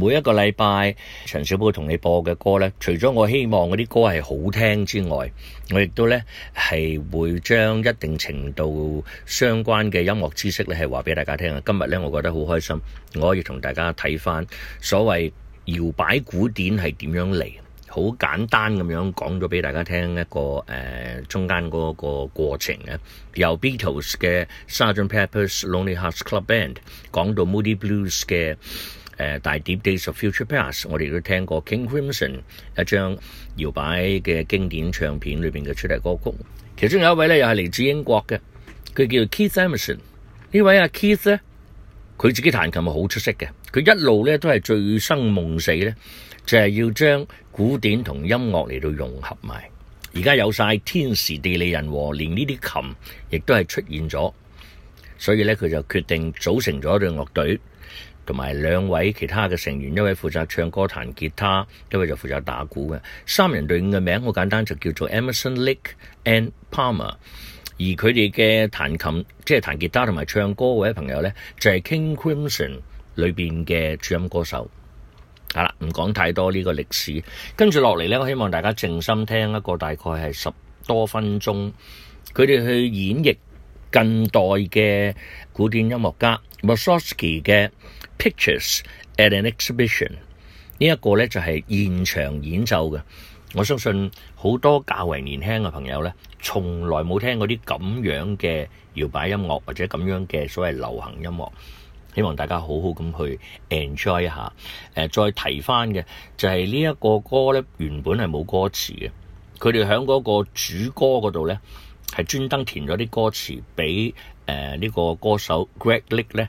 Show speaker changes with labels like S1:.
S1: 每一個禮拜，陳小寶同你播嘅歌呢除咗我希望嗰啲歌係好聽之外，我亦都呢係會將一定程度相關嘅音樂知識呢係話俾大家聽啊！今日呢，我覺得好開心，我要同大家睇翻所謂搖擺古典係點樣嚟，好簡單咁樣講咗俾大家聽一個誒、呃、中間嗰個過程嘅，由 Beatles 嘅 Sergeant Pepper's Lonely Hearts Club Band 講到 Moody Blues 嘅。誒《大碟 Days of Future Past》，我哋都聽過 King Crimson 一張搖擺嘅經典唱片裏邊嘅主題歌曲。其中有一位咧又係嚟自英國嘅，佢叫做 Keith Emerson、啊。Keith 呢位阿 Keith 咧，佢自己彈琴係好出色嘅。佢一路咧都係醉生夢死咧，就係、是、要將古典同音樂嚟到融合埋。而家有晒天時地利人和，連呢啲琴亦都係出現咗，所以咧佢就決定組成咗一隊樂隊。同埋兩位其他嘅成員，一位負責唱歌彈吉他，一位就負責打鼓嘅三人隊伍嘅名好簡單，就叫做 Emerson, Lake and Palmer。而佢哋嘅彈琴即係彈吉他同埋唱歌嗰位朋友呢，就係、是、King Crimson 裏邊嘅主音歌手。好啦，唔講太多呢個歷史，跟住落嚟呢，我希望大家靜心聽一個大概係十多分鐘，佢哋去演繹近代嘅古典音樂家 Mussorgsky 嘅。Pictures at an exhibition，呢一個呢就係現場演奏嘅。我相信好多較為年輕嘅朋友呢，從來冇聽過啲咁樣嘅搖擺音樂或者咁樣嘅所謂流行音樂。希望大家好好咁去 enjoy 一下。再提返嘅就係呢一個歌呢，原本係冇歌詞嘅。佢哋喺嗰個主歌嗰度呢，係專登填咗啲歌詞俾誒呢個歌手 Greg Lake 呢。